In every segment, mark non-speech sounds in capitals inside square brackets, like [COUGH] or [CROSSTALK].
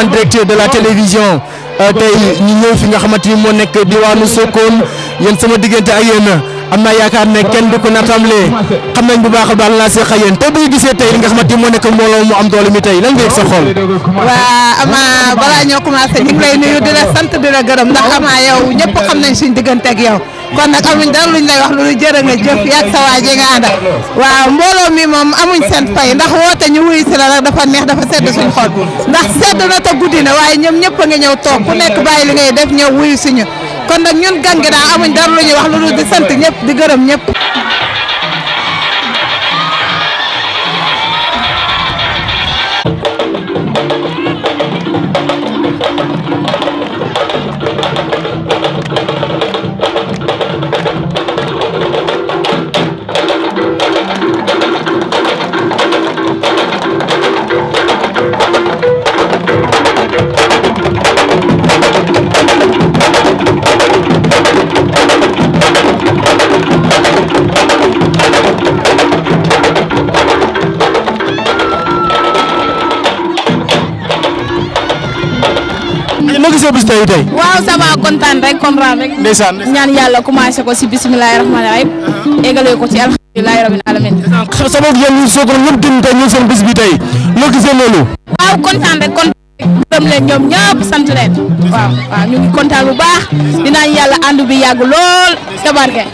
en de la télévision euh, tey ñu ñëw fi nga xamante ni moo nekk diwaanu Sokone yéen sama diggante ak yéen am naa yaakaar ne kenn du ko natamle xam nañ bu baax a baax laa seq ak te bu ñu gisee tey li nga xamante ni moo nekk mbooloo mu am doole mi tey lan nga yëg sa xol. waa Ama balaa ñoo commencé ñu lay nuyu di sant di la gërëm ndax Ama yow ñëpp xam nañ suñu diggante ak yow. kon nag amuñ dara luñ lay wax lu jërë nga jëf yàgg sa waa ji nga àndal waaw mbooloo mi moom amuñ seen fay ndax woote ñu wuyu si la rek dafa neex dafa sedd suñ xol ndax sedd na guddi na waaye ñoom ñëpp a ngi ñëw toog ku nekk bàyyi li ngay def ñëw wuyu si ñu kon nag ñun gan gi daal amuñ dara lu ñuy wax lu dul di sant ñëpp di gërëm ñépp ko bis tey tey. waaw ça va kontaan rek comprendre rek. ndeysaan ñaan yàlla commencé ko si bisimilah rahmaani rahiim. égalee ko ci alhamdulilah rabbil alamin. sama yéen soo ko ñëpp dem tey ñun seen bis bi tey loo gisee loolu. waaw kontaan rek kontaan leen ñoom ñëpp sant leen waaw ñu kontaan bu baax dinaan yàlla ànd bi lool te barke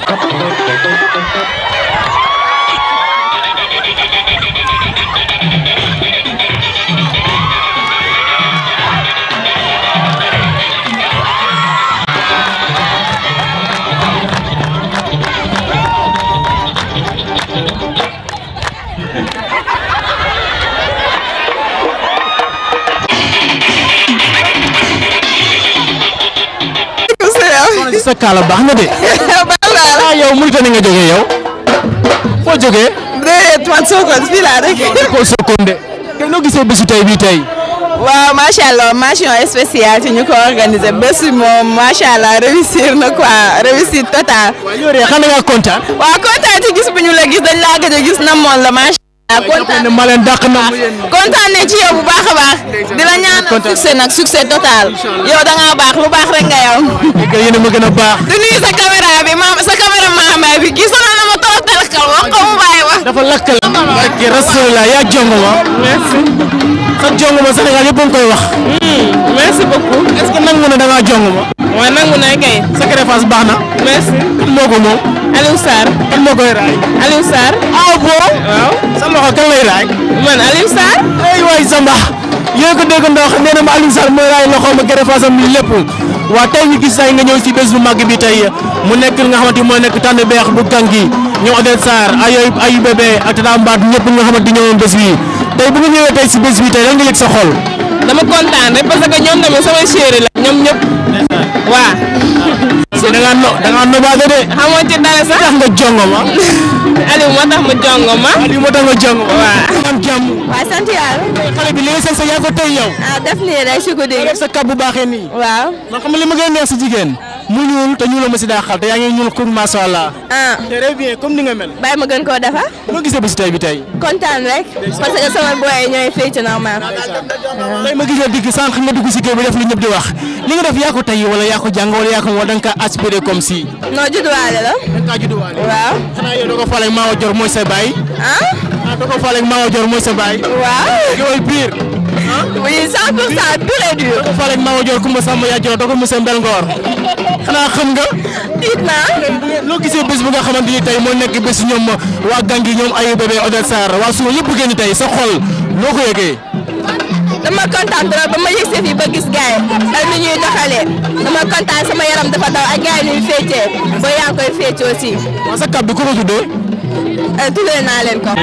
sa kaala baax na de. [LAUGHS] a naa la yow Mauritanie nga jógee yow. foo jógee. déedéet man Sokone fii laa rek. ko Sokone de. tey noo gisee bésu tey bii tey. waaw macha allah ko organisé bés moom macha allah réussir na quoi réussite totale. waaw yow de xanaa nga kontaan. gis bu gis dañ laa gëj a gis namoon la macha Ah, kontaan ma leen ne ci yow bu baax a baax di la ñaanal succès nag succès total yow da baax lu baax rek nga yow. léegi yéen a ma gën a baax. di nuyu sa caméra bi ma sa caméra maama bi gis a ne ma toog talkal wax ko mu bàyyi wax. dafa lakkal barke Rasulullah yaa jongoma. sa jongoma Sénégal yëpp a ngi koy wax. Hmm, merci beaucoup. est-ce que nangu a da ngaa jongoma. waaw nangu na kay. sacrifice baax na. merci. kan moo ko moom. Aliou Sarr. kan moo koy raay. Aliou Sarr. ah bon. waaw sa loxo kan lay raay. waay Samba yéen ko dégg ndox nee na ma Aliou Sarr mooy raay loxo ma sacrifice am lépp waaw tey ñu gis tey nga ñëw ci bés bu mag bi tey mu nekk nga xamante ni mooy nekk tànn beex bu gang gi ñoom Odette Sarr ay ay bébé ak Tata Mbaat ñëpp nga xamante ni ñëwoon bés bi tey bu nga ñëwee tey si bés bi tey lan nga sa xol. dama kontaan rek parce que ñoom tamit sama la ñoom ñëpp. waaw. sëñ bi da ngaa no da ngaa nobaate de. xamoo ci dara sax. tax nga jongo ma. Aliou moo tax ma jongo ma. Aliou moo tax nga jongo ma. ko tey yow. ah def nii rek si mu ñuul te ñuuloo ma si daaxal te yaa ngi ñuul kur macha allah. Ah. nga mel. bàyyi ma gën koo defar. noo gisee bés tey bi tey. kontaan rek parce que sama booy ñooy fii ci normal. tey ma gisee digg sànq nga dugg si kër bi def li ñëpp di wax li nga def yaa ko tey wala yaa ko jàng wala yaa ko wala da nga kaa aspiré comme si. non judduwaale la. waaw xanaa yow doo ko mooy sa baay. ah. ah doo ko faale mooy sa baay. waaw. yow biir. oui 100 pour cent pur et dur. fa lañ Maodo Dior Koumba Samba yaa jëloon dogal monsieur xanaa xam nga. tiit naa. loo gisee bés bu nga xamante ni tey moo nekk bés ñoom waa Gangi ñoom Ayou Bébé Odette Sarr waa suba ñëpp génn tey sa xol noo ko yëgee. dama kontaan trop ba ma yëgsee fii ba gis gars yi ak ñuy doxalee dama kontaan sama yaram dafa daw ak gars yi ñuy féetee yaa ngi koy féetee aussi. sa kàddu ku ko tuddee. Euh, tuddee naa leen ko.